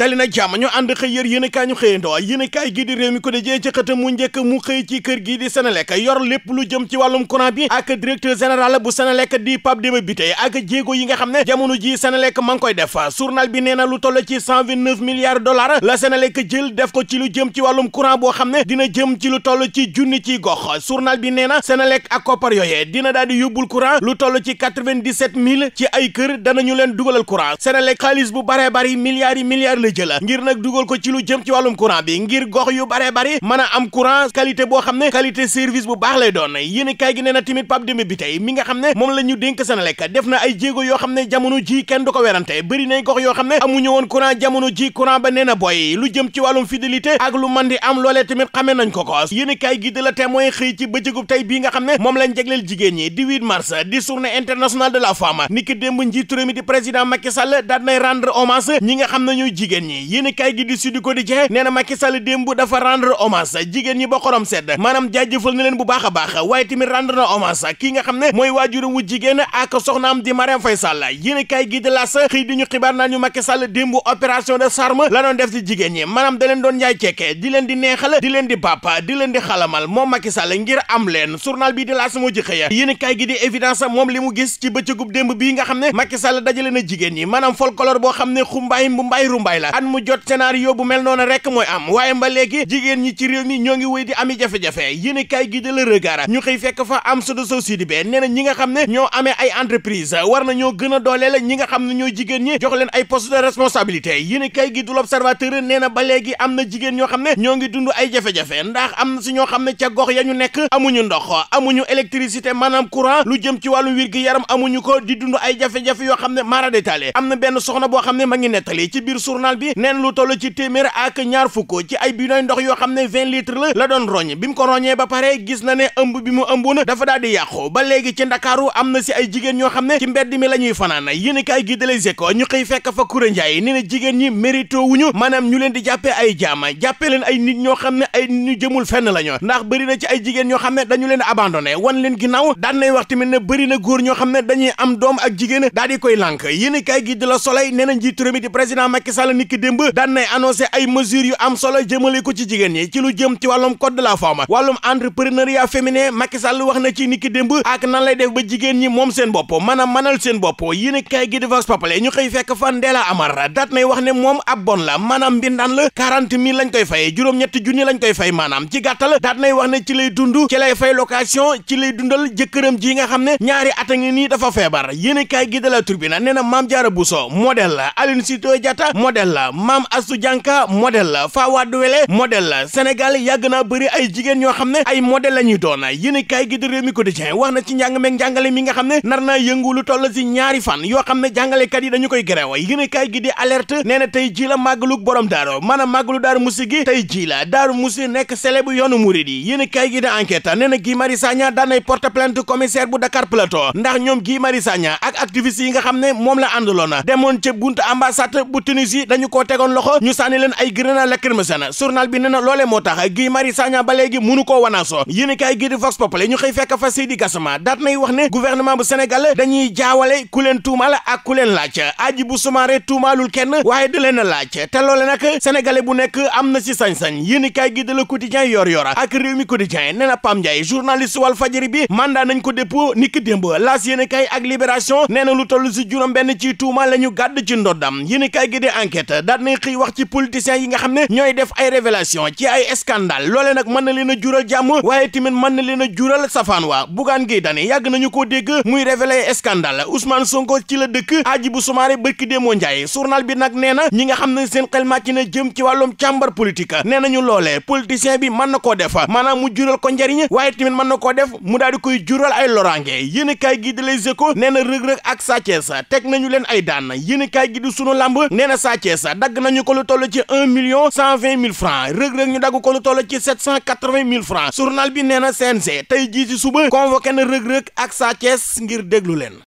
dali na jàmm ñu ànd xëy yër yéen a kaay ñu xëyandoo yéen a kaay gii di réew mi ko dëjee ci mu njëkk mu xëy ci kër gii di Senelec yor lépp lu jëm ci wàllum courant bi ak directeur général bu Senelec di Pape bi Bitèye ak jéego yi nga xam ne jamono ji Senelec ma ngi koy def journal bi nee lu toll ci 129 milliards dollars la Senelec jël def ko ci lu jëm ci wàllum courant boo xam ne dina jëm ci lu toll ci junni ci gox journal bi nee na lekk ak koppar yooyee dina daal di yóbbul courant lu toll ci 97 000 ci ay kër danañu leen dugalal courant Senelec xaalis bu baree bari milliards yi la jël ngir nag dugal ko ci lu jëm ci wàllum courant bi ngir gox yu baree bari mën a am courant qualité boo xam ne qualité service bu baax lay doon yéen kaay gi nee na tamit Pape bi tey mi nga xam ne moom la ñu dénk Senelec def na ay jéego yoo xam ne jamono ji kenn du ko werante bëri nay gox yoo xam ne amuñu woon courant jamono ji courant ba nee boy lu jëm ci wàllum fidélité ak lu mën di am loolee tamit xamee nañ ko ko yéen gi de la témoin xëy jigéen ñi yéenekaay gi di Sud Quotidien nee na Macky Sall démb dafa rendre hommage jigéen ñi ba xorom sedd maanaam jaajëfal na leen bu baax a baax waaye tamit rendre na kii nga xam ne mooy waajuram wu jigéen ak soxnaam di Marième Faye Sall yéenekaay gi di L'As xëy di ñu xibaar naa ñu Macky Sall démb opération de charme la doon def si jigéen ñi maanaam da doon njaay ceeke di leen di neexal di leen di bàppa di leen di xalamal moom Macky Sall ngir am leen journal bi di L'As moo ci xëya yéenekaay gi moom li mu gis ci bëccëgub démb nga xam ne Macky Sall dajale jigéen ñi maanaam folklore boo xam ne xumbaay mbumbaay rumbaay la at mu jot scénario bu mel noonu rek mooy am waaye ba léegi jigéen ñi ci réew mi ñoo ngi wéy di ami jafe-jafe yéen kay gi de la regard ñu xëy fekk fa am sa dosaw si di nee na ñi nga xam ne ñoo amee ay entreprise war na ñoo gën a dooleel ñi nga xam ne ñooy jigéen ñi jox leen ay poste de responsabilité yéen kay gi du l'observateur nee na ba léegi am na jigéen ñoo xam ne ñoo ngi dund ay jafe-jafe ndax am na si ñoo xam ne ca gox ya ñu nekk amuñu ndox amuñu électricité maanaam courant lu jëm ci wàllu wér yaram amuñu ko di dund ay jafe yoo xam ne maara am na benn soxna boo xam ne ma ngi nettali ci biir journal bi neen lu toll ci téeméer ak ñaar fukk ci ay bidon ndox yoo xam ne vingt litres la la doon roñ bi mu ko roñee ba pare gis na ne ëmb bi mu ëmboon dafa daal di yàqu ba léegi ci ndakaaru am na si ay jigéen ñoo xam ne ci mbedd mi la ñuy fanaan yéen kaay gi de Les Échos ñu xëy fekk fa Koura Ndiaye nee na jigéen ñi mérito wuñu maanaam ñu leen di jàppee ay jaama jàppee leen ay nit ñoo xam ne ay nit ñu jëmul fenn la ñu ndax bëri na ci ay jigéen ñoo xam ne dañu leen abandonné wan leen ginnaaw daan nay wax tamit ne bëri na góor ñoo xam ne dañuy am doom ak jigéen daal di koy lànk yéen kaay gi de Le Soleil nee na njiitu réew mi di niki démb daan nay ay mesures yu am solo jëmale ko ci jigéen ñi ci lu jëm ci wàllum code de la femme wàllum entrepreneuriat féminin Macky Sall wax na ci niki démb ak nan lay def ba jigéen ñi moom seen bopp mën a mënal seen bopp yéen a kaay gi di ñu xëy fekk fan Ndella Amar daat nay wax ne moom ab bon la maanaam mbindaan la quarante mille lañ koy fay juróom-ñetti junni lañ koy fay maanaam ci gàttal daat nay wax ne ci lay dund ci fay location modèle la maam Astou Dianka modèle la Fawade Wele modèle la Sénégal yàgg naa bëri ay jigéen ñoo xam ne ay modèle la ñuy doon yéen kaay gi di Rewmi Quotidien wax na ci njàng meeg njàngale mi nga xam ne nar na yëngu lu toll si ñaari fan yoo xam ne jàngalekat yi dañu koy gerew yéen kaay gi di alerte nee tey ji la màggalug borom daaro maanaam màggalu daaru musi gi tey ji la daaru musi nekk célèbre bu yoonu murid yi yéen kaay gi di enquête nee na Guy Marius Sagna daan nay porte plainte commissaire bu Dakar Plateau yi nga xam ne moom la àndaloon demoon ca buntu ambassade bu Tunisie ñu ko tegoon loxo ñu sànni leen ay grenade lacrymogène journal bi nee na loolee moo tax Guy Marius Sagna ba léegi mënu koo wanaasoo yéen kaay gi di Vox Populi ñu xëy fekk fa Seydi Gassama daat nay wax ne gouvernement bu Sénégal dañuy jaawale ku leen tuumaal ak ku leen laaj Hadjibou Soumaré tuumaalul kenn waaye da leen a laaj te loole nag sénégalais bu nekk am na si sañ-sañ yéen kaay gi de Le Quotidien yor yora ak réew mi Quotidien nee na Pam Ndiaye journaliste Walf Fadjri bi mandat nañ ko dépôt niki démb laas yéen kaay ak Libération nee na lu toll ci juróom benn ci tuuma la ñu gàdd ci ndoddam yéen kaay gi di daat nay xëy wax ci politiciens yi nga xam ne ñooy def ay révélation ci ay scandale loole nag mën na leen a jural jàmm waaye tamit mën na leen a jural safaan waa Bougane Gueye Dany yàgg nañu koo dégg muy révélé scandale Ousmane Sonko ci la dëkk Hadjibou Soumaré bërki Démo Ndiaye journal bi nag nee na ñi nga xam ne seen xel màcc na jëm ci wàllum càmbar politique nee nañu loolee politicien bi mën na koo def maanaam mu jural ko njariñ waaye tamit mën na koo def mu daal di jural ay loraange yéen kaay gi di Les Échos nee na rëg ak Sa Thiès teg nañu leen ay daan yéen gi di sunu làmb nee na Sa Thiès dagg nañu ko lu toll ci un million cent vingt mille rëg-rëg ñu dagg ko lu toll ci sept cent quatre vingt mille francs bi nee na CNG tey jii ci suba convoqué na rëg-rëg ak Sa Thiès ngir déglu leen